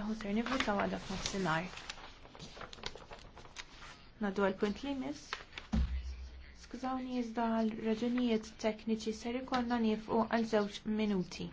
Reħuter nivvota għadha f'nofsinhar. Nadu għal-punt li mis. Skużawni iżda għal raġunijiet tekniċi ser ikollna nifqu għal żewġ minuti.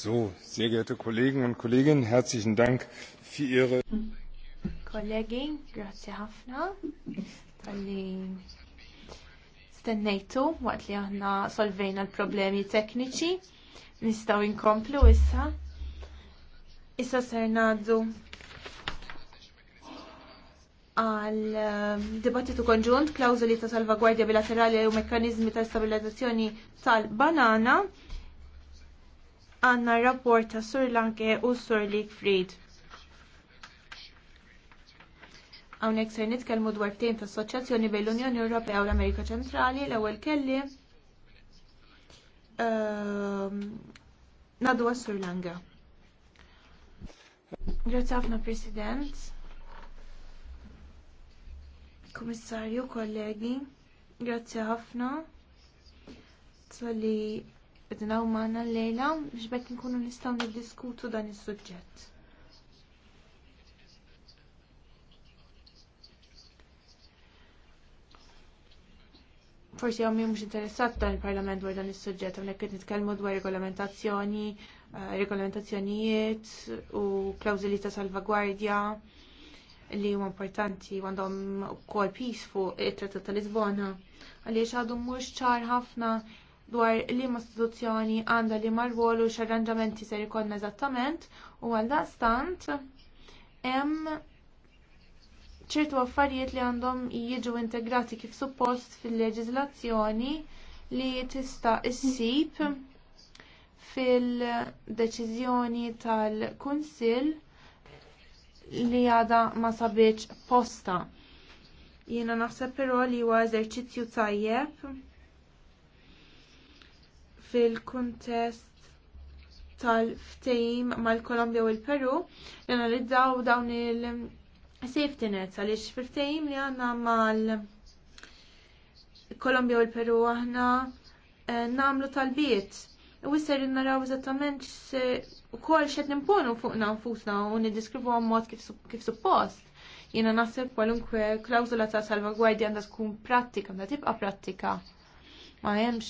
So, sehr geehrte Kollegen und Kolleginnen, herzlichen Dank für Ihre. Kollegi, grazie ħafna tal stennejtu waqt li aħna solvejna l-problemi tekniċi. Nistaw inkomplu issa. Issa ser naddu għal ehm, dibattitu konġunt, klawzuli ta' salvagwardja bilaterali u mekkanizmi ta' stabilizzazzjoni tal-banana għanna rapport ta' Sur Lanke u Sur Ligfried. Hawnhekk ser nitkellmu dwar tim ta' assoċjazzjoni bejn l-Unjoni Ewropea u l-Amerika Ċentrali l-ewwel kelli ehm, nadu għas-Sur Lanka. Grazie ħafna President, Komissarju, kollegi, grazie ħafna. Tolli bidnaw maħna l-lejla biex bekk nkunu nistaw niddiskutu dan is-suġġett. Forsi għom mux interessat dan il-parlament dwar dan is-suġġett, għamnek qed nitkellmu dwar regolamentazzjoni, eh, regolamentazzjonijiet u klawżili ta' salvagwardja li huma importanti għandhom ukoll pis fuq it-Trattat ta' Lisbona għaliex għadu mhux ċar ħafna dwar li ma istituzzjoni għandha li marwolu x'arranġamenti ser ikonna eżattament u għalda stant hemm ċertu affarijiet li għandhom jiġu integrati kif suppost fil-leġizlazzjoni li tista' ssib fil-deċiżjoni tal-Kunsill li għadha ma sabiċ posta. Jiena naħseb però li huwa eżerċizzju tajjeb fil-kuntest tal-ftejim mal-Kolombja u l-Peru li analizzaw dawn il-safety nets għaliex fil-ftejim li għanna mal-Kolombja u l-Peru aħna eh, namlu tal-biet u jisser naraw eżattament u kol xed nimponu fuqna nfusna u nidiskrivu għammot kif suppost. Jena nasib kwalunkwe klawzula ta' salvagwardja għanda tkun pratika, għanda tibqa pratika. Ma jemx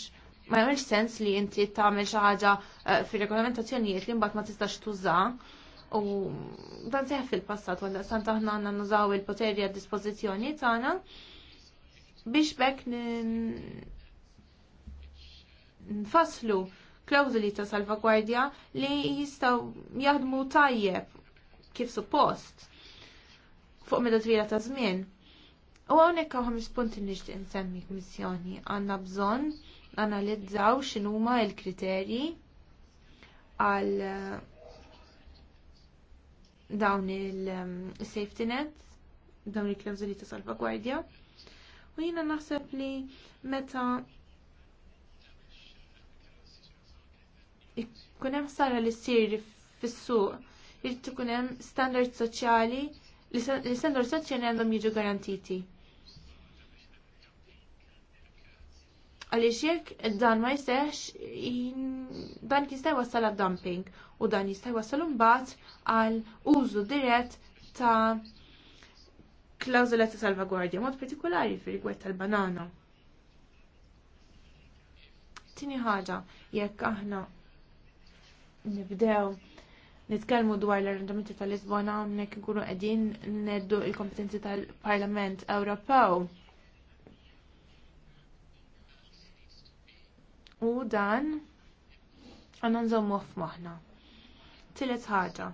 ma jagħmilx sens li inti tagħmel xi ħaġa eh, fir-regolamentazzjonijiet li mbagħad ma tistax tuża. U dan seħ fil-passat għal sant aħna għandna nużaw il-poteri għad dispożizzjoni tagħna biex bekk nfasslu klawżuli ta' salvagwardja li jistaw jaħdmu tajjeb kif suppost fuq meta twila ta' żmien. U hawnhekk hawn ħames punti li nixtieq insemmi kummissjoni għandna bżonn analizzaw x'inhuma l-kriterji għal eh, dawn il-safety eh, net, dawn il-klawżoli ta' salvagwardja. U jiena naħseb li meta ikun hemm sara li ssir fis-suq, irid ikun hemm standard soċjali li standard soċjali għandhom jiġu garantiti. Għaliex jekk dan ma jistax dan jista' jwassal dumping u dan jista' jwassal mbagħad għal użu dirett ta' klawżola ta' salvagwardja mod partikolari fir-rigwett tal-banana. Tini ħaġa, jekk aħna nibdew nitkellmu dwar l-arrendamenti tal-Lisbona hawnhekk ikunu qegħdin neddu l kompetenzi tal-Parlament Ewropew U dan għanna nżommu f'maħna. Tilet ħaġa.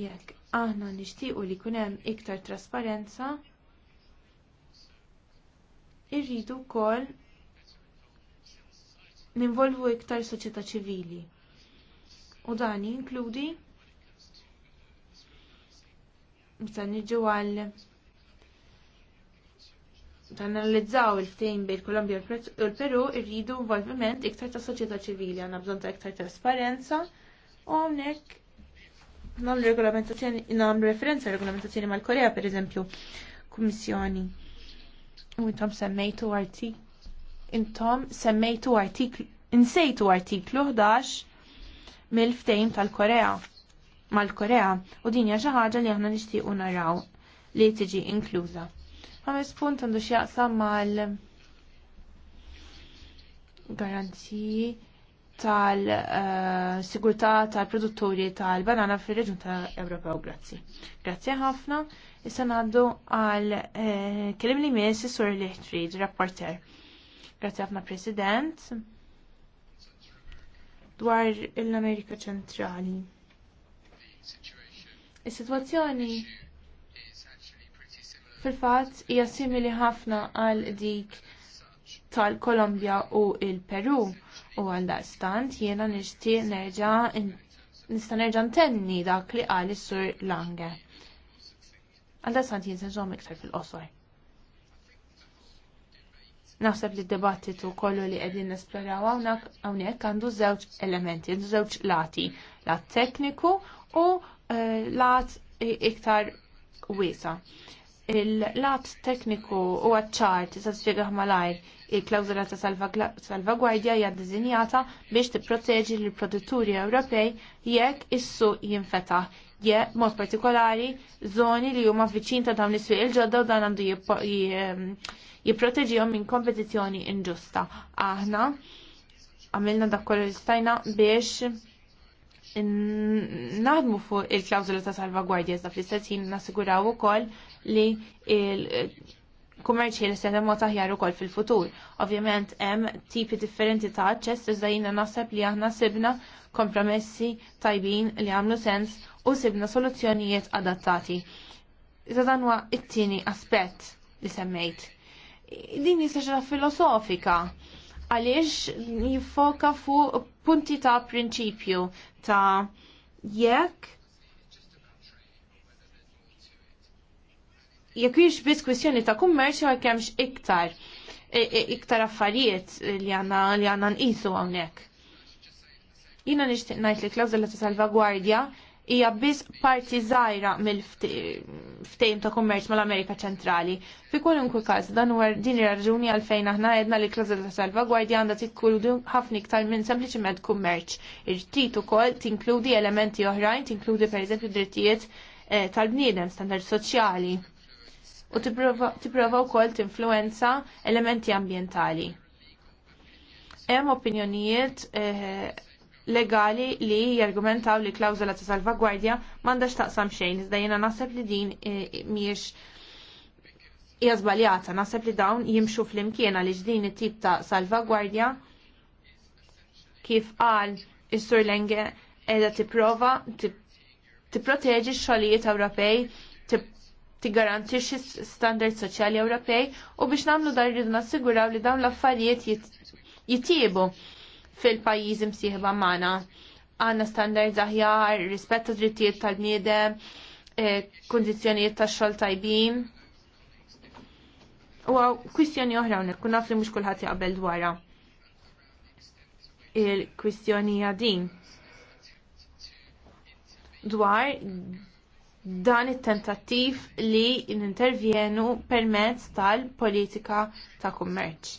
Jekk aħna nixtiequ li kunem iktar trasparenza, irridu kol ninvolvu iktar soċjetà ċivili. U dan jinkludi msa niġu għal tanalizzaw il-ftejn bejn Kolombja u l-Peru irridu involviment iktar ta' soċjetà ċivili għandna bżonn ta' iktar trasparenza u hawnhekk nam regolamentazzjoni nam referenza regolamentazzjoni mal-Korea per eżempju kummissjoni u intom semmejtu artiklu intom semmejtu artiklu insejtu artiklu 11 mill-ftejn tal-Korea mal-Korea u din hija xi ħaġa li aħna nixtiequ naraw li tiġi inkluża. Ħames punt għandu x'jaqsam mal garanziji tal-sigurtà eh, tal-produtturi tal-banana fir reġun ta' Ewropew. Grazzi. Grazzi ħafna. Issa ngħaddu għal eh, kelim li miss sur sur Lichtfried, rapporter. Grazzi ħafna President. Dwar l-Amerika Ċentrali. Is-sitwazzjoni fil-fatt hija simili ħafna għal dik tal-Kolombja u il-Peru u għal stant jiena nixtieq nerġa' nista' nerġa' ntenni dak li qal is-Sur Lange. Għal stant jien se iktar fil-qosor naħseb li d-debattitu kollu li għedin nesploraw hawnhekk għawnek għandu żewġ elementi, għandu żewġ lati, lat tekniku u eh, lat iktar wisa il-lat tekniku u għadċar tista' spjegaħ malajr il-klawżola ta' salvagwardja hija ddiżinjata biex tipproteġi lill produtturi Ewropej jekk is-suq jinfetaħ je mod partikolari żoni li huma viċin ta' dawn is-swieq il-ġodda u dan għandu ehm, jipproteġihom minn kompetizzjoni inġusta. Aħna għamilna dak kollu li stajna biex naħdmu fuq il klawzula ta' salvagwardja iżda fl-istess ħin nassiguraw ukoll li il-kummerċi li se mod taħjar ukoll fil-futur. Ovvjament hemm tipi differenti ta' aċċess iżda jiena naħseb li aħna sibna kompromessi tajbin li għamlu sens u sibna soluzzjonijiet adattati. Iżda dan huwa it-tieni aspett li semmejt. Din jista' filosofika għaliex jiffoka fuq punti ta' prinċipju ta' jekk jekk jiex biss kwistjoni ta' kummerċ jew kemx iktar iktar affarijiet li għanna li għanna nqisu hawnhekk. Jina nixtieq ngħid li klawzula ta' salvagwardja hija biss parti żgħira mill-ftehim ta' kummerċ mal-Amerika Ċentrali. Fi kwalunkwe każ dan huwa din ir-raġuni għalfejn aħna għedna li klażi ta' salvagwardja għandha tikkludu ħafna iktar minn sempliċement kummerċ. Ir-tit ukoll tinkludi elementi oħrajn, tinkludi pereżempju drittijiet eh, tal-bniedem, standard soċjali u tipprova wkoll tinfluenza elementi ambjentali. Hemm opinjonijiet eh, legali li jargumentaw li klawzola ta' salvagwardja mandax taqsam xejn, iżda jiena naħseb li din eh, miex hija żbaljata, naħseb li dawn jimxu flimkien għaliex din it-tip ta' salvagwardja kif qal is-Sur Lenge qiegħda tipprova tipproteġi x-xogħlijiet Ewropej, tigarantixxi standard soċjali Ewropej u biex nagħmlu dan irridu nassiguraw li dawn l-affarijiet jitiebu. Jit fil-pajjiżi msieħba magħna. Għandna standard aħjar, rispett ta' drittijiet tal-bniedem, e, kundizzjonijiet tax-xogħol tajbin. U kwistjoni oħra hawnhekk, kun naf li mhux kulħadd jaqbel dwarha. Il-kwistjoni hija din dwar dan it-tentattiv li n-intervjenu permezz tal-politika ta' kummerċ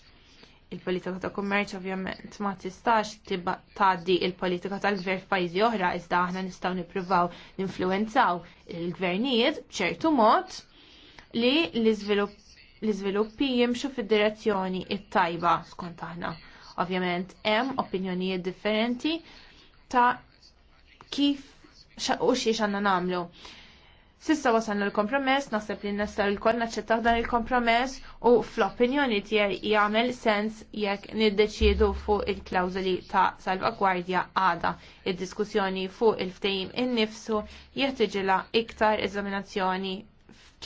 il-politika ta' kummerċ ovvjament ma tistax tgħaddi il-politika tal-gvern f'pajjiżi oħra iżda aħna nistgħu nippruvaw ninfluenzaw il-gvernijiet b'ċertu mod li l-iżviluppi jimxu fid-direzzjoni it-tajba skont aħna. Ovvjament hemm opinjonijiet differenti ta' kif u xiex għandna nagħmlu. Sissa wasalna l-kompromess, naħseb li nista l-kol dan il-kompromess u fl-opinjoni tiegħi jagħmel sens jekk niddeċiedu fuq il-klawżoli ta' salvagwardja għada. Id-diskussjoni fuq il-ftehim innifsu jeħtieġilha iktar eżaminazzjoni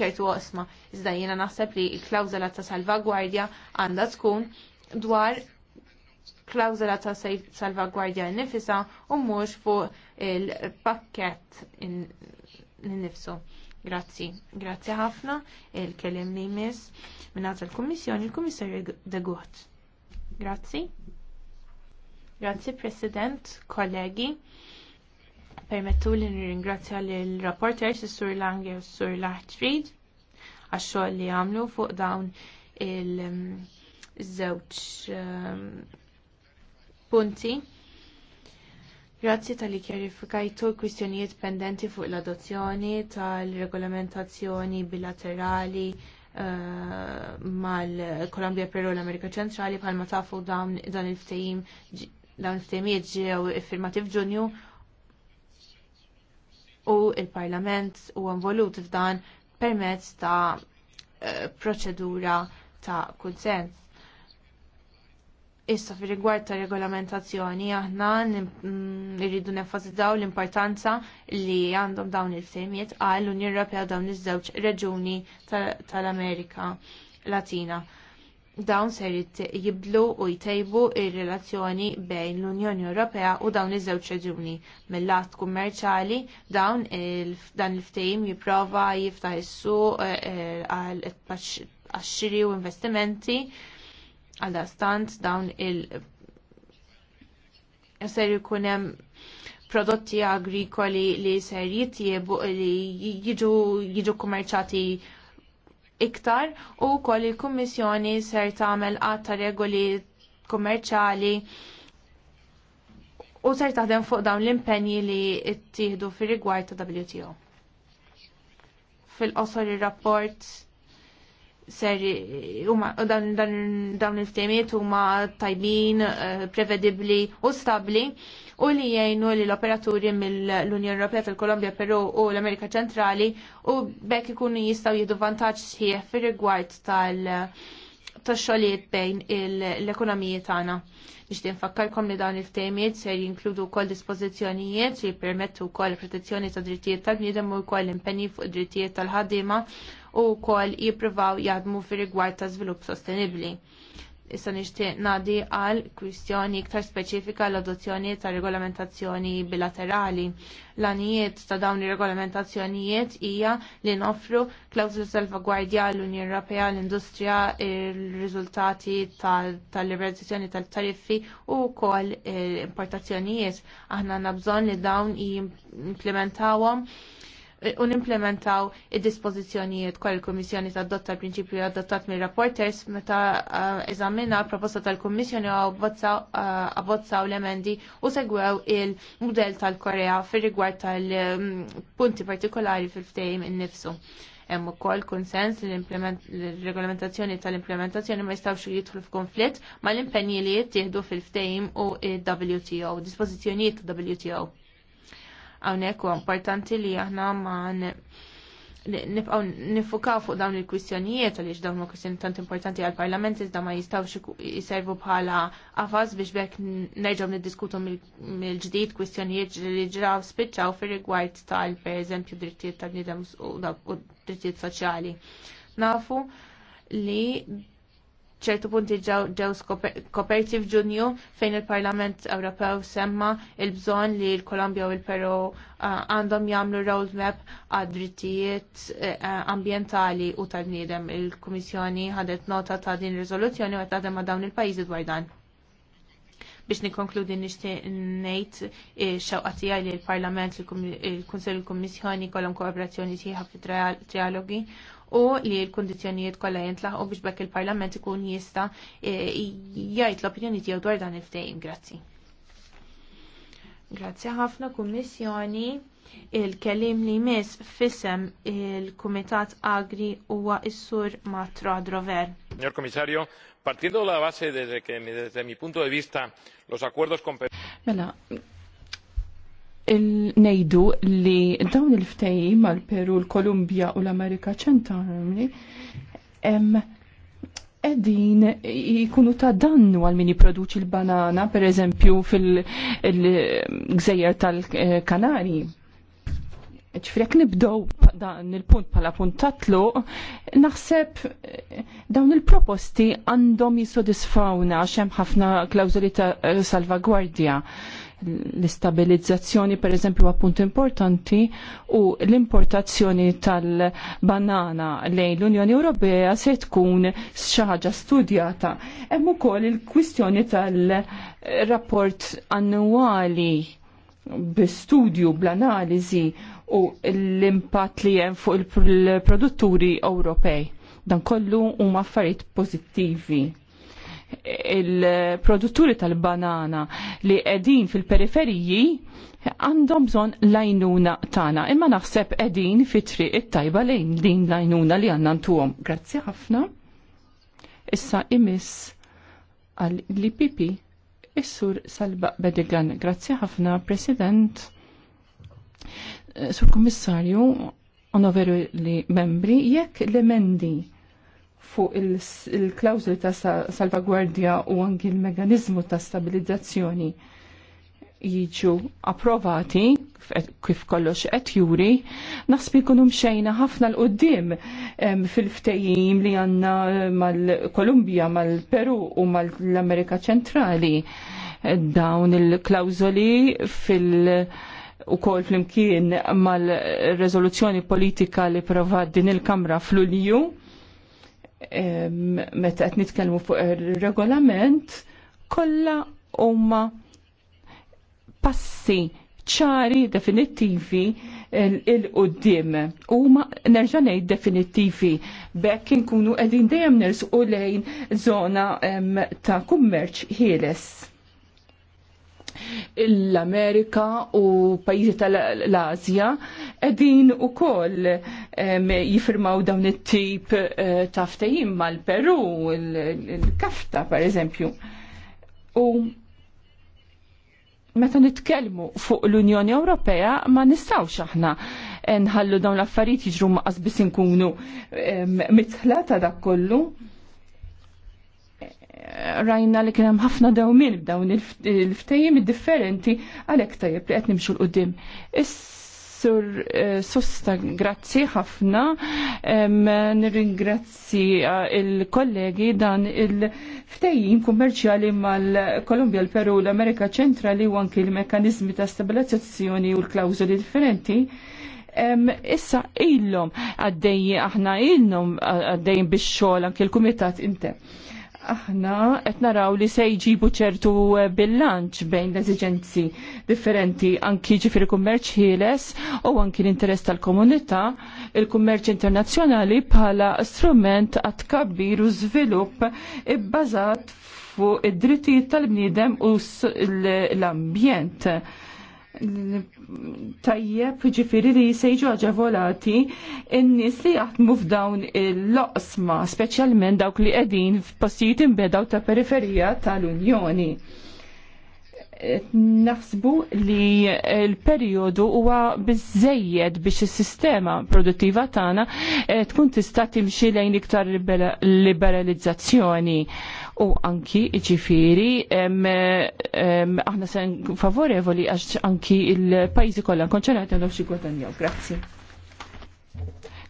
ċertu osma. Iżda jiena naħseb li l-klawżola ta' salvagwardja għandha tkun dwar klawzola ta' salvagwardja nifisa u mhux fuq il-pakket l-nifsu. Grazzi, grazzi ħafna il kelem li jmiss minnata l-Kommissjoni, il-Kommissarju Degut. Grazzi. Grazzi President, kollegi. Permettu li nirringrazzja l-rapporters, s-sur Lange u s-sur Laħtrid, għax-xogħol li għamlu fuq dawn il-żewġ mm, mm, punti Grazzi tal-li kjerifikajtu l-kwistjonijiet pendenti fuq l-adozzjoni tal-regolamentazzjoni bilaterali uh, mal-Kolombia Peru l-Amerika Ċentrali bħalma tafu dan il-ftejim dan il-ftejmiet ġew iffirmati f'Ġunju u il-Parlament huwa involut f'dan permezz ta' eh, proċedura ta' kunsens Issa fi rigward ta' regolamentazzjoni aħna mm, irridu nefasizzaw l-importanza li għandhom dawn il-ftehmiet għal l-Unjoni Ewropea dawn iż-żewġ reġuni tal-Amerika Latina. Dawn ser jibdlu u jtejbu ir-relazzjoni bejn l-Unjoni Ewropea u dawn iż-żewġ reġuni. Mill-lat kummerċali dawn dan il-ftehim jipprova jiftaħ is-suq eh, eh, għal għax-xiri u investimenti għada stant dawn il- ser ikun hemm prodotti agrikoli li ser jitjiebu li jiġu jiġu kummerċati iktar u wkoll il-Kummissjoni ser tagħmel qatt ta' regoli kummerċali u ser taħdem fuq dawn l-impenji li ttieħdu fir-rigward ta' WTO. Fil-qosor ir-rapport ser dawn il-ftemiet huma tajbin, eh, prevedibbli u stabbli u li jgħinu li l-operaturi mill-Unjoni Ewropea fil-Kolombja Peru u l-Amerika Ċentrali u bekk ikunu jistgħu jieħdu vantaġġ sħiħ fir-rigward tal tax-xogħlijiet bejn l-ekonomiji tagħna. Nixtieq nfakkarkom li dawn il temiet se jinkludu wkoll dispożizzjonijiet li permettu wkoll protezzjoni ta' drittijiet tal-bniedem u wkoll impenni fuq drittijiet tal-ħaddiema u wkoll jippruvaw jaħdmu fir rigward ta' żvilupp sostenibbli. Issa nixtieq ngħaddi għal kwistjoni iktar speċifika l-adozzjoni ta' regolamentazzjoni bilaterali. L-anijiet ta' dawn ir-regolamentazzjonijiet hija li noffru klawżuli salvagwardja l-Unjoni Ewropea l-industrija ir-riżultati tal-liberalizzazzjoni tal-tariffi u wkoll eh, importazzjonijiet. Aħna għandna li dawn jimplementawhom Eh, u nimplementaw id dispozizjonijiet kwa il-Kummissjoni dotta l-prinċipju adottat mill rapporters meta eh, eżamina proposta tal-Kummissjoni u eh, abbozzaw l-emendi u segwew il-mudell tal-Korea fir rigward tal-punti mm, partikolari fil-ftehim innifsu. Hemm ukoll konsens li l-regolamentazzjoni tal-implementazzjoni ma jistgħux jidħlu f'konflitt mal-impenji li jittieħdu fil ftejim u il-WTO, dispożizzjonijiet WTO. Hawnhekk huwa importanti li aħna ma nifqaw nifukaw fuq dawn il-kwistjonijiet għaliex dawn ma' kwistjoni tant importanti għall-Parlament iżda ma jistgħux jiservu bħala qafas biex bekk nerġgħu niddiskutu mill-ġdid kwistjonijiet li ġraw spiċċaw fir-rigward tal pereżempju drittijiet tal-nidem u drittijiet soċjali. Nafu li ċertu punti ġew skoperti f'Ġunju fejn il-Parlament Ewropew semma il-bżonn li l-Kolombja u l-Peru eh, għandhom jagħmlu roadmap għad drittijiet eh, ambjentali u tal-bniedem. Il-Kummissjoni ħadet nota ta' din riżoluzzjoni u qed ma' dawn il-pajjiżi dwar dan. Biex nikonkludi nixtieq ngħid eh, xewqa tiegħi li l-Parlament, il-Kunsell il-Kummissjoni kollhom kooperazzjoni tiħa fi trialogi u li l-kondizjonijiet kollha jintlaħqu biex bekk il-Parlament ikun jista' eh, jgħid l-opinjoni tiegħu dwar dan il-ftehim. Grazzi. Grazzi ħafna Kummissjoni. Il-kelim li mis fissem il-Kumitat Agri huwa is-Sur Matra Drover. Signor Komissarju, partiendo de la base desde que desde mi punto de vista los acuerdos con Mela, nejdu li dawn il-ftejji mal-Peru, l-Kolumbja u l-Amerika ċentrali hemm edin jikunu ta' dannu għal min jiproduċi l-banana, per eżempju, fil-gżejjer tal-Kanari. Ċifrek nibdow dan il-punt pala punt tatlu, naħseb eh, dawn il-proposti għandhom jisodisfawna xem ħafna klawzuli ta' salvagwardja l-istabilizzazzjoni per eżempju punt importanti u l-importazzjoni tal-banana lejn l-Unjoni Ewropea se tkun xi ħaġa studjata. Hemm ukoll il-kwistjoni tal-rapport annwali bi-studju, bl-analiżi u l-impatt li hemm fuq il-produtturi Ewropej. Dan kollu huma affarijiet pożittivi il-produtturi tal-banana li edin fil-periferiji għandhom bżon lajnuna tana. Imma naħseb edin fitri it-tajba lejn din lajnuna li għanna ntuhom. Grazzi ħafna. Issa imis għal-li pipi. Is-sur Salba Bedigan, grazzi ħafna, President, eh, Sur Kommissarju, onoveru li membri, jekk l-emendi fuq il-klawzuli ta' salvagwardja u anki il-meganizmu ta' stabilizzazzjoni jiġu approvati kif kollox qed juri, naħseb kunum xejna ħafna l-qoddim fil-ftejjim li għandna mal-Kolumbja, mal-Peru u mal-Amerika ċentrali dawn il klawzoli fil- u kol flimkien mal-rezoluzzjoni politika li provat din il-Kamra fl-Ulju, meta qed nitkellmu fuq ir-regolament, kollha huma passi ċari definittivi il-qoddim. U ma nerġanej definittivi bekk nkunu edin dejjem nersqu lejn zona ta' kummerċ ħieles. L-Amerika u pajizi tal-Azja edin u koll jifirmaw dawn it-tip eh, ta' ftejim mal-Peru, il-kafta per eżempju. U meta nitkellmu fuq l-Unjoni Ewropea ma nistawx aħna eh, nħallu dawn l-affarijiet jiġru maqas biss inkunu mitħla ta' dak kollu. Eh, rajna li kien hemm ħafna dawmin b'dawn il ftejjim differenti għalhekk tajjeb li qed nimxu l-qudiem. Issa Sur eh, Susta, grazzi ħafna. Nirringrazzi il-kollegi dan il-ftejjin kummerċjali mal-Kolumbja, l-Peru, l-Amerika ċentrali u anki l-mekanizmi ta' stabilizzazzjoni u l-klawżoli differenti issa illum għaddejji aħna illum għaddejjin biex xogħol anke l-kumitat inter aħna qed naraw li se jġibu ċertu eh, bilanċ bejn l-eżiġenzi differenti anki ġifiri kummerċ ħieles u anki l-interess tal-komunità, il-kummerċ internazzjonali bħala strument għat kabbir u żvilupp ibbażat fuq id-drittijiet tal-bniedem u l-ambjent tajjeb ġifiri li jisejġu ġavolati in nis li jaħdmu f'dawn il-loqsma, specialment dawk li qegħdin f'postijiet imbedaw ta' periferija tal-Unjoni. Naħsbu li l-periodu huwa biżejjed biex is-sistema produttiva tagħna eh, tkun tista' timxi lejn iktar liberalizzazzjoni u anki ġifiri aħna sen favorevoli għax anki il-pajzi kollha konċenat għandhom xi gwadanjaw. Grazzi.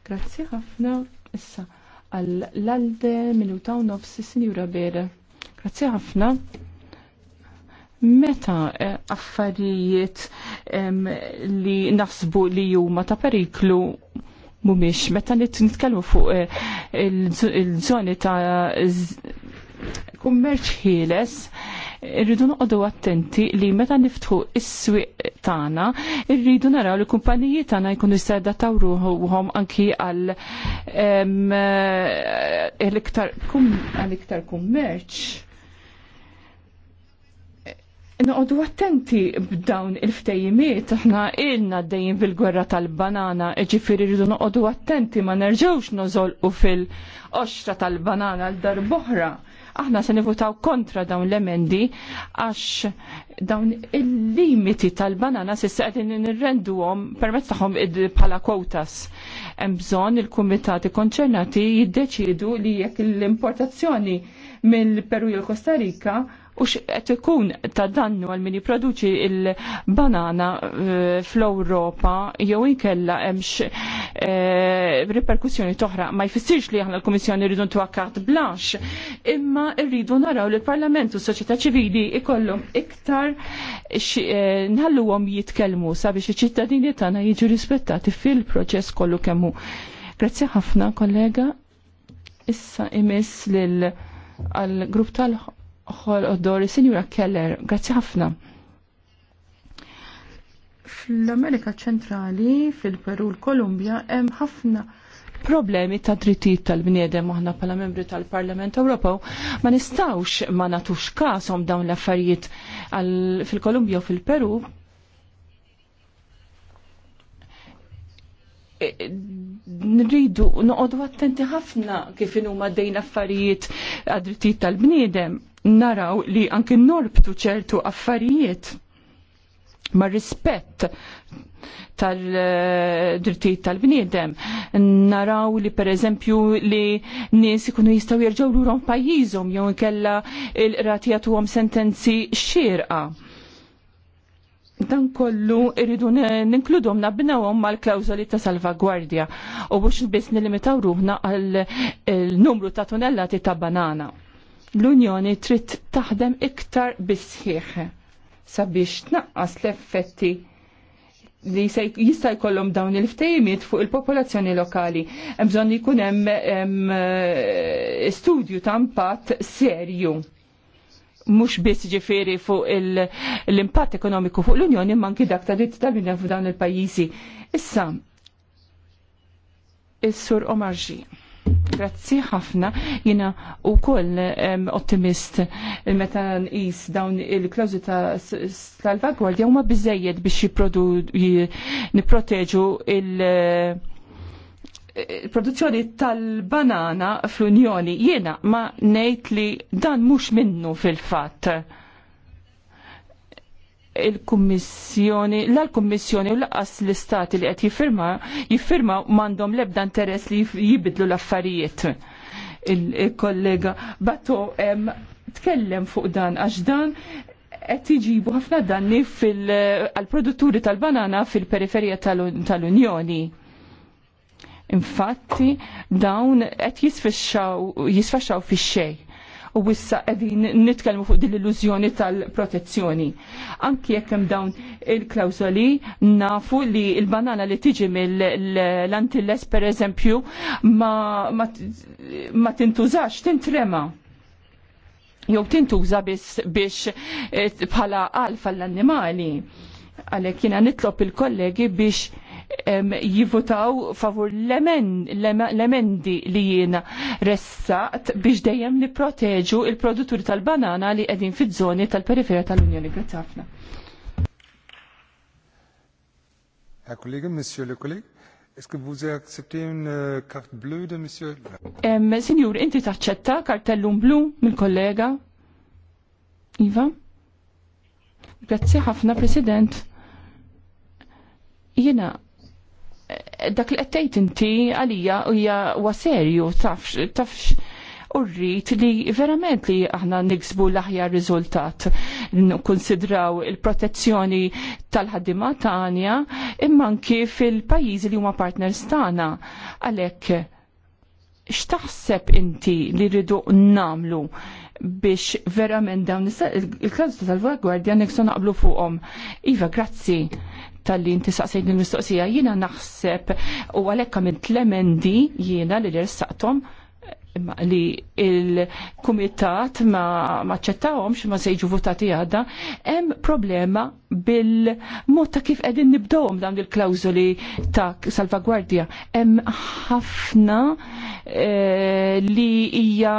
Grazzi ħafna. Issa għall-alde minuta u nofsi sinjura bere. Grazzi ħafna meta eh, affarijiet li nasbu li juma ta' periklu mumiex, meta nitkellmu fuq eh, il-żoni ta' kummerċ ħieles irridu noqogħdu attenti li meta niftħu is-swieq tagħna irridu naraw li kumpaniji tagħna jkunu jista' jadattaw ruħhom anki għal eh, iktar għal-iktar kummerċ. Noqdu attenti b'dawn il-ftejimiet, aħna ilna dejjem fil-gwerra tal-banana, ġifiri rridu noqogħdu attenti ma nerġgħux nożolqu fil-qoxra tal-banana l-darboħra. Aħna se nivutaw kontra dawn l-emendi għax dawn il-limiti tal-banana sissa qegħdin nirrendu għom permezz tagħhom bħala kwotas. Hemm bżonn il-kumitati konċernati jiddeċidu li jekk l-importazzjoni mill-Peru jil Kosta Rika u x'qed ikun ta' dannu għal min jipproduċi il-banana eh, fl-Ewropa jew inkella hemmx e, eh, riperkussjoni toħra ma jfissirx li aħna l-Kummissjoni rridu ntwakkat blax, imma rridu naraw li l-Parlament u s-soċjetà ċivili ikollhom iktar eh, nħalluhom jitkellmu sabiex iċ-ċittadini tagħna jiġu rispettati fil-proċess kollu kemm hu. Grazzi ħafna kollega. Issa imiss lil għal grupp tal ħol oddori Sinjura Keller, grazzi ħafna. Fl-Amerika ċentrali, fil-Peru, l-Kolumbja, hemm ħafna problemi ta' drittijiet tal-bniedem aħna bħala membri tal-Parlament Ewropew ma nistawx ma natux kasom dawn l-affarijiet fil-Kolumbja u fil-Peru e, e, nridu noqogħdu attenti ħafna kif huma dejn affarijiet għad-drittijiet tal-bniedem naraw li anke norbtu ċertu affarijiet ma' rispett tal-drittijiet tal-bniedem. Naraw li per eżempju li nies ikunu jistgħu jerġgħu lurhom pajjiżhom jew inkella il-ratijatuhom sentenzi xierqa dan kollu irridu ninkludhom nabnawhom mal-klawżoli ta' salvagwardja u biex biss nilimitaw ruħna għal eh, numru ta' tunellati ta' banana. L-Unjoni trid taħdem iktar bisħieħ sabiex tnaqqas l-effetti li jista' jkollhom dawn il-ftejmiet fuq il-popolazzjoni lokali. Hemm bżonn jkun hemm eh, studju ta' impatt serju mux biss ġifiri fuq l-impatt ekonomiku fuq l-Unjoni man dak ta' dritt tal-Unjoni f'dawn il-pajjiżi. Issa, is-sur Omarġi. Grazzi ħafna, jina u koll um, ottimist meta nqis dawn il-klawzi tal-vagwardja huma biżejjed biex niproteġu il- il-produzzjoni tal-banana fl-Unjoni jiena ma ngħid li dan mhux minnu fil-fatt il-kummissjoni, la l-kummissjoni u laqas l-istati li qed jiffirma, jiffirma m'għandhom l-ebda interess li jibidlu l-affarijiet. Il-kollega Bato tkellem fuq dan għax dan qed jiġibu ħafna danni fil-produtturi tal-banana fil-periferija tal-Unjoni. tal banana fil periferija tal unjoni Infatti, dawn qed jisfaxxaw fix-xejn u wissa qegħdin nitkellmu fuq din l-illużjoni tal-protezzjoni. Anki jekk hemm dawn il-klawżoli nafu li l-banana li tiġi mill-antilles pereżempju ma, ma, ma tintużax, tintrema jew tintuża biss biex eh, bħala għalfa l-annimali. Għalhekk jiena nitlob il-kollegi biex jivutaw favur l-emendi li jiena ressaqt biex dejjem proteġu il-produtturi tal-banana li qegħdin fiż-żoni tal-periferja tal-Unjoni. Grazzi ħafna. Herr Kollege, Monsieur le Kollege, est-ce que vous acceptez une euh, carte bleue de Monsieur? Signor, inti taċċetta kartellum blu mill-kollega? Iva? Grazzi ħafna, President. Jena dak li qed inti għalija hija waserju tafx tafx urrit li verament li aħna niksbu l-aħjar riżultat konsidraw il-protezzjoni tal-ħaddima tagħna imma kif fil-pajjiżi li huma partners tagħna. Għalhekk x'taħseb inti li rridu namlu biex verament dawn il każ tal vagwardja niksu naqblu fuqhom. Iva, grazzi tal-li inti saqsejt l mistoqsija jina naħseb u għalekka minn tlemendi jina li l-irsaqtom li il-kumitat ma maċċettawhomx ma se jiġu votati għadda, hemm problema bil-mod ta' kif qegħdin nibdowhom dawn il-klawżoli ta' salvagwardja. Hemm ħafna eh, li hija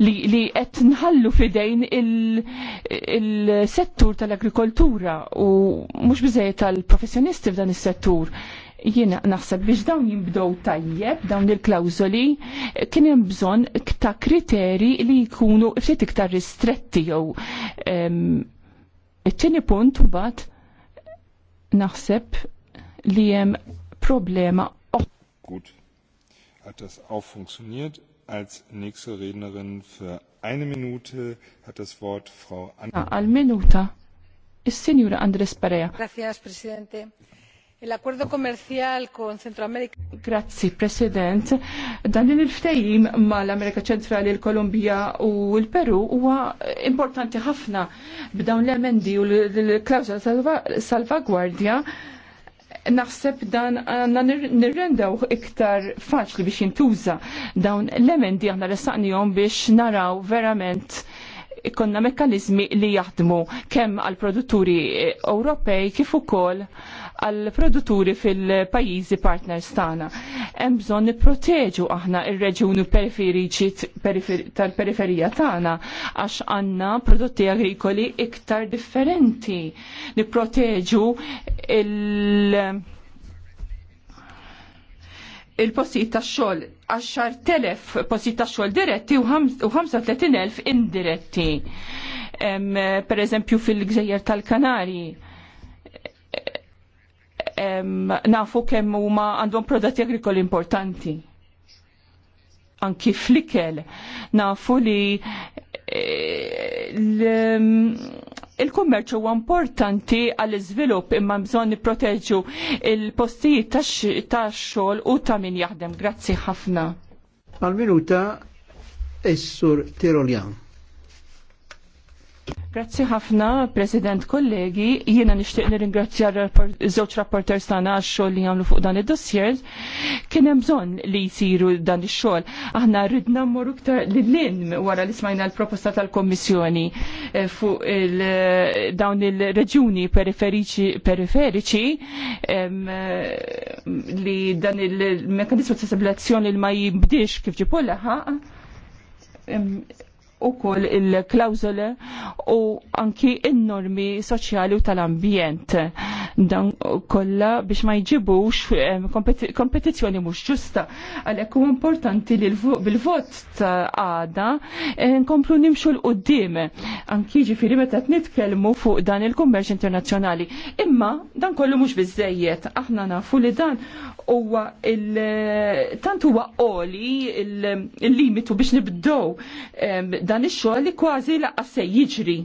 li qed nħallu fidejn il-settur il tal-agrikoltura u mhux biżejjed tal-professjonisti f'dan is-settur jiena naħseb biex dawn jinbdow tajjeb dawn il-klawżoli kien hemm bżonn ta' kriteri li jkunu ftit iktar ristretti jew it-tieni punt mbagħad naħseb li hemm problema Gut, hat das auch funktioniert? Als nächste Rednerin für eine Minute hat das Wort Frau Al minuta. Perea. Gracias, Presidente. El acuerdo comercial con Centroamérica. Grazzi, President. Dan il ftehim mal-Amerika ċentrali, l-Kolumbija u l-Peru huwa importanti ħafna b'dawn l-emendi u l-klawżola salvagwardja. Salva naħseb dan għanna nirrendaw iktar faċli biex jintuża dawn l-emendi għanna l biex naraw verament ikonna mekkanizmi li jaħdmu kemm għal produtturi Ewropej kif ukoll għal produtturi fil-pajjiżi partners tagħna. Hemm bżonn nipproteġu aħna ir-reġjuni periferiċi tal-periferija tagħna għax għandna prodotti agrikoli iktar differenti. Nipproteġu il- il-postijiet tax-xogħol 10,000 postijiet tax-xogħol diretti u 35,000 indiretti. Per eżempju fil-Gżejjer tal-Kanari nafu kemm huma għandhom prodotti agrikoli importanti. Anki flikel nafu li eh, il kummerċu huwa importanti għall iżvilupp imma bżonn nipproteġu il-postijiet tax-xogħol u ta' min jaħdem. Grazzi ħafna. Għal-minuta, Essur Tirolian. Grazzi ħafna, President kollegi, jiena nixtieq nirringrazzja żewġ rapporters tagħna għax-xogħol li jagħmlu fuq dan id-dossier. Kien hemm bżonn li jsiru dan ix-xogħol. Aħna rridna mmorru iktar lin wara li smajna l-proposta tal-Kommissjoni eh, fuq eh, dawn il-reġuni periferiċi eh, li dan il-mekanizmu ta' seblazzjoni li ma jibdix kif ġipu u koll il-klawzole u anki il-normi soċjali u tal-ambjent. Dan kolla biex ma jġibux kompetizjoni mux ġusta. Għalek u importanti li bil-vot ta' għada eh, nkomplu nimxu l-qoddim. Anki ġifiri meta nitkelmu fuq dan il-kummerċ internazzjonali. Imma dan kollu mux bizzejiet. Aħna nafu li dan huwa il-tant huwa oli il-limitu biex nibdow dan ix-xogħol li kważi laqgħa se jiġri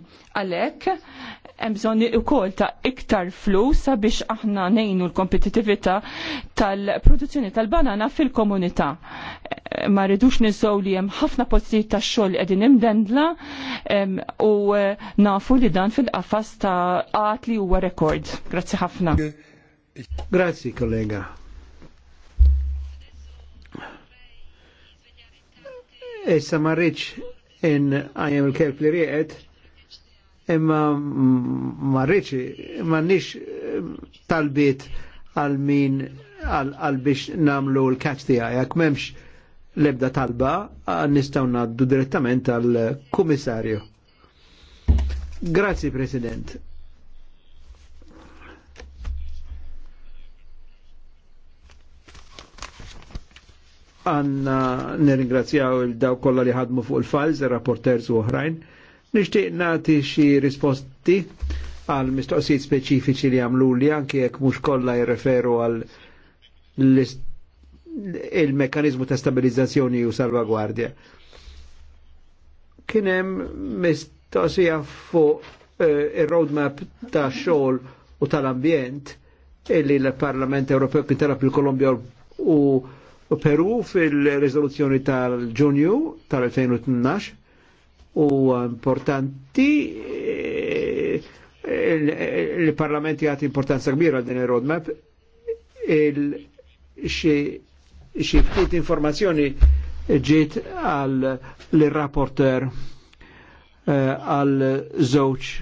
għalhekk hemm bżonn ukoll ta' iktar flus sabiex aħna ngħinu l kompetitività tal-produzzjoni tal-banana fil-komunità. Ma rridux ninsew li hemm ħafna postijiet ta' xogħol qegħdin imdendla u eh, nafu li dan fil-qafas ta' għat li huwa rekord. Grazzi ħafna. Grazzi kollega. Issa marriċ in għajem il-kelb li rieqed imma marriċi, ma nix eh, talbiet għal min għal biex namlu l-kaċ tijaj, jak memx lebda talba ah, nistaw naddu direttament għal komissarju. Grazie President. għanna nirringrazzjaw il-daw kolla li ħadmu fuq il falz il-rapporters u oħrajn. Nishtiq nati xie risposti għal mistoqsijiet speċifiċi li għamlu li anki jek mux kolla jirreferu għal il-mekanizmu ta' stabilizzazzjoni u salvaguardja. Kienem mistoqsija fuq uh, il-roadmap ta' xol u tal-ambjent illi l-Parlament Ewropew kien tarab kolombja u u Peru fil-rezoluzzjoni tal-ġunju tal-2012 u importanti eh, il-parlament jgħati importanza kbira din il-roadmap xi ftit informazzjoni ġiet għal rapporter eh, għal żewġ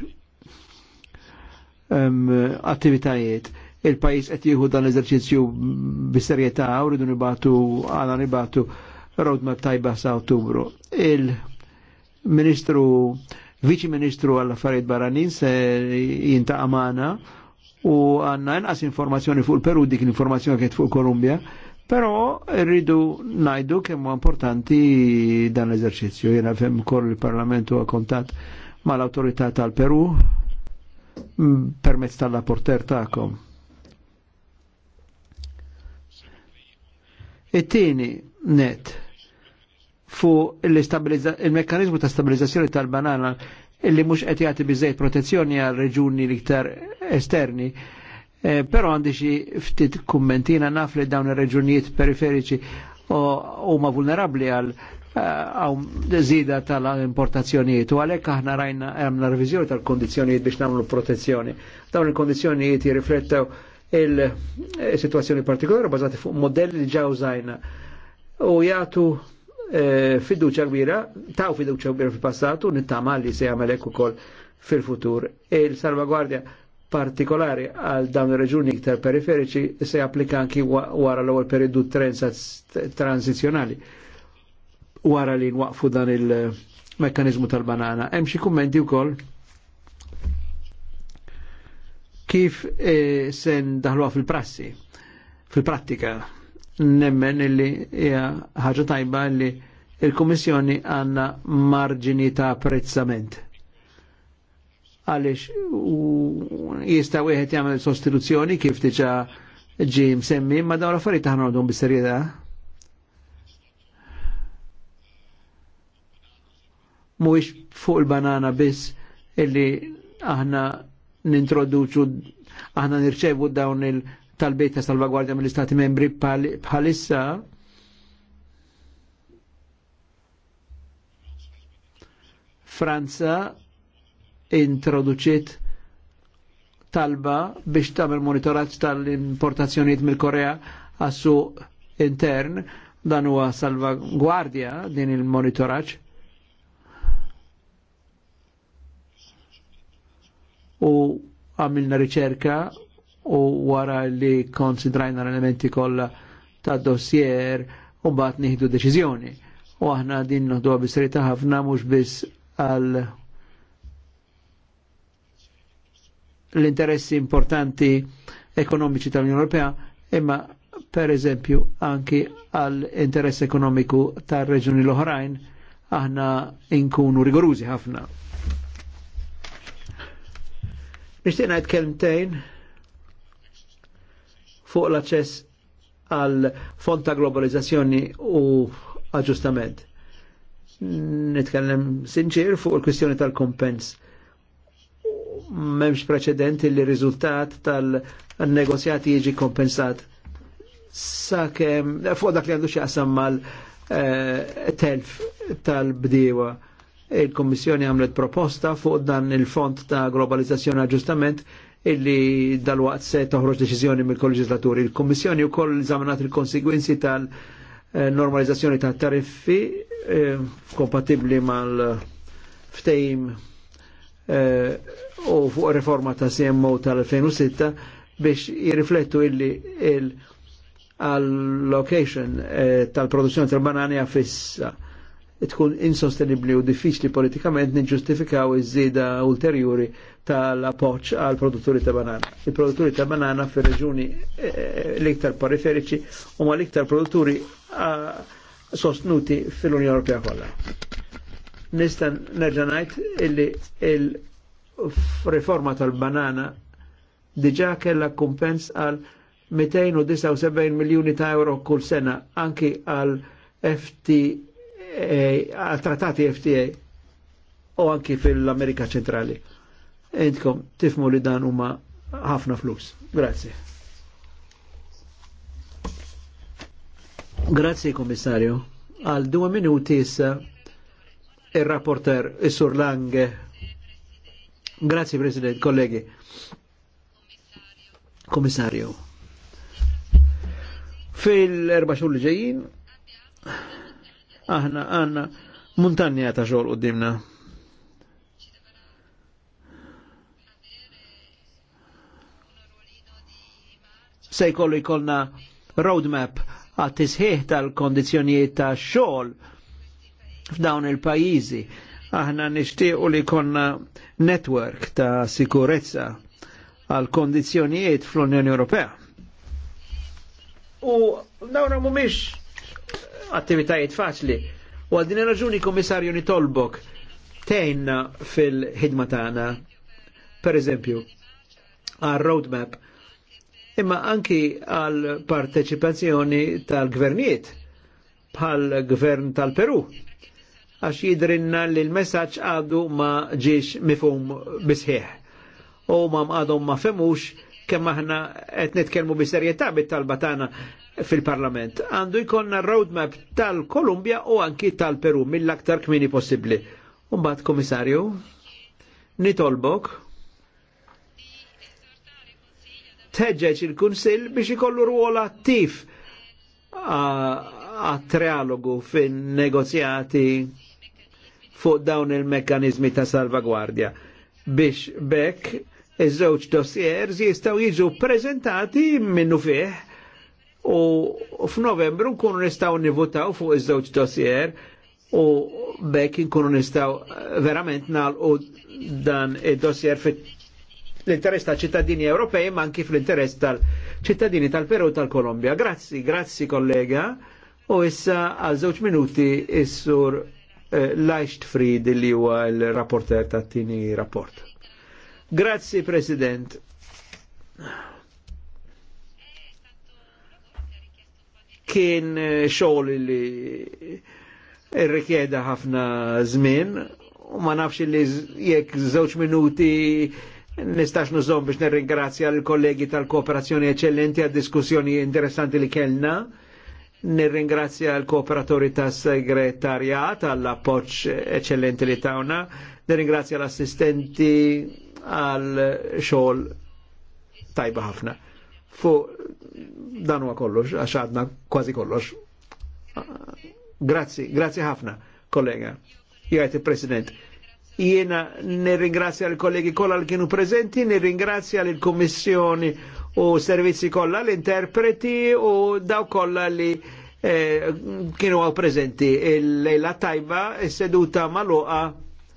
attivitajiet il-pajis qed jieħu dan l-eżerċizzju bis-serjetà u rridu nibatu għala nibatu roadmap tajba sa' Ottubru. Il-Ministru, Viċi Ministru għall-Affarijiet Barranin se jinta' amana u għanna inqas informazzjoni fuq il-Peru dik l-informazzjoni kienet fuq Kolumbja, però rridu najdu kemm importanti dan l-eżerċizzju. Jiena fem kol il-Parlament huwa kontat mal-autorità tal-Peru permezz tal-rapporter tagħkom It-tieni net fu il-mekkanizmu ta' stabilizzazzjoni tal-banana illi mhux qed jagħti biżejjed protezzjoni għal reġuni l-iktar esterni. Eh, però għandi xi ftit kummentina naf li dawn ir-reġunijiet periferiċi huma vulnerabbli għal eh, għaw zida tal-importazzjonijiet u għalek aħna rajna għamna revizjoni tal-kondizjonijiet biex namlu protezzjoni. Dawn il-kondizjonijiet jirriflettaw il-situazzjoni partikolari bazati fuq modelli li ġaw zajna u jgħatu eh, fiduċa kbira, taw fiduċa kbira fil-passatu, nittama li se jgħamelek u kol fil-futur. Il-salvaguardja partikolari għal dawn il-reġuni iktar periferiċi se applika anki wara l-ewwel periodu transizjonali wara li nwaqfu dan il-mekkanizmu tal-banana. Emxie kummenti u wkoll kif e, sen daħluha fil-prassi, fil-prattika. Nemmen illi hija ħaġa tajba li il-Kummissjoni għandna marġini ta' apprezzament. Għaliex jista' wieħed jagħmel sostituzzjoni kif diġà ġi msemmi, ma dawn l-affarijiet aħna għadhom bis-serjetà. Mhuwiex fuq il-banana biss illi aħna nintroduċu aħna nirċevu dawn il-talbiet ta' salvaguardja mill-Istati membri bħalissa Franza introduċiet talba biex tagħmel monitoraġġ tal importazzjoniet mill-Korea għassu intern dan huwa salvagwardja din il-monitoraġġ u għamilna riċerka u wara li konsidrajna l-elementi kollha ta' dossier u bat nieħdu deċiżjoni. U aħna din noħduha bisrita ħafna mhux biss għal l-interessi importanti ekonomiċi tal-Unjoni Ewropea, imma per eżempju anki għall interess ekonomiku tar reġuni l-oħrajn aħna inkunu rigorużi ħafna. Nixtieq ngħid kelmtejn fuq l-aċċess għal fond ta' globalizzazzjoni u aġġustament. Nitkellem sinċir fuq il-kwistjoni tal-kompens. Memx preċedenti li riżultat tal-negozjati jiġi kompensat. Sakem, fuq dak li għandu xaqsam mal-telf eh, tal-bdiewa il-Kommissjoni għamlet proposta fuq dan il-Fond ta' Globalizzazzjoni Aġġustament illi dal-waqt se toħroġ deċiżjoni mill-kolleġislaturi. Il-Kommissjoni wkoll eżaminat il-konsegwenzi tal-normalizzazzjoni ta' tariffi eh, kompatibbli mal-ftejm eh, u fuq reforma ta' CMO tal-2006 biex jirriflettu illi il allocation location eh, tal-produzzjoni tal-banani għafissa tkun insostenibli u diffiċli politikament niġġustifikaw iż-żieda ulterjuri tal-appoċ għal produtturi ta' banana. Il-produtturi ta' banana fir reġuni eh, eh, l-iktar periferiċi u ma l-iktar produtturi eh, sostnuti fil-Unjoni Ewropea kollha. Nista' nerġa' ngħid illi il-riforma tal-banana diġà kellha kumpens għal 279 miljuni ta' euro kull sena anki għal FT għal eh, trattati FTA u anki fil-Amerika ċentrali. Entkom tifmu li dan huma ħafna flus. Grazie. Grazie Komissarju. Għal dua minuti issa il-rapporter Isur Lange. Grazie President, kollegi. Komissarju. Fil-erba xhur li ġejjin aħna għanna montanja ta' xogħol qudiemna. Se jkollu jkollna roadmap għat tisħiħ tal-kondizjonijiet ta' xogħol f'dawn il-pajjiżi. Aħna nixtiequ li konna network ta' sikurezza għal kondizjonijiet fl-Unjoni Ewropea. U dawra mumiex attivitajiet faċli. U għal din raġuni komissarju nitolbok tejna fil-ħidma tagħna, per eżempju, għal roadmap, imma anki għal parteċipazzjoni tal-gvernijiet bħal gvern tal-Peru għax jidrinna li l-messagġ għadu ma ġiex mifhum bisħieħ u ma mqadhom ma femux kemm aħna qed nitkellmu bi serjetà bit-talba tagħna fil-Parlament. Għandu jkollna roadmap tal-Kolumbja u anki tal-Peru mill-aktar kmini possibbli. mbagħad Komissarju, nitolbok teġġeġ il-Kunsill biex ikollu ruol attiv għat-trialogu fin negozjati fuq dawn il-mekkanizmi ta' salvagwardja biex bekk iż-żewġ dossiers jistgħu jiġu preżentati minnu fih u f'Novembru nkunu nistgħu nivutaw fuq iż-żewġ dossier u bekk nkunu nistgħu eh, verament nagħlqu dan id-dossier fit l-interess ta' ċittadini Ewropej ma' anki fl-interess tal-ċittadini tal-Peru tal-Kolombja. Grazzi, grazzi kollega. U issa għal żewġ minuti is-sur eh, Fried li huwa l-rapporter tat-tini rapport. Grazie, President. Kien eh, xogħol li rrikjeda ħafna żmien u ma nafx li jekk żewġ minuti nistax nużom biex nirringrazzja l-kollegi tal-kooperazzjoni eccellenti għad diskussjoni interessanti li kellna. Nirringrazzja l-kooperatori ta' segretarjat għall appoċ eccellenti li tawna. Nirringrazzja l-assistenti għal xol tajba ħafna. Fu danu huwa kollox, għax kważi kollox. Grazzi, grazzi ħafna, kollega. Jgħajti president Jena nirringrazzja l-kollegi kolla li kienu prezenti, nirringrazzja l kommissjoni u servizzi kolla l-interpreti u daw kolla li eh, kienu għaw prezenti Il-lejla tajba, is-seduta maluqa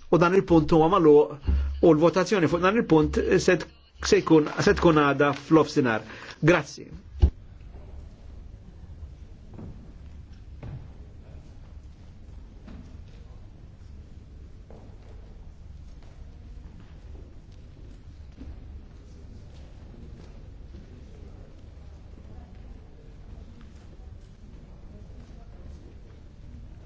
u dan il puntu huwa maluq u l-votazzjoni fuq dan il-punt se tkun għada fl-ofsinar. Grazzi.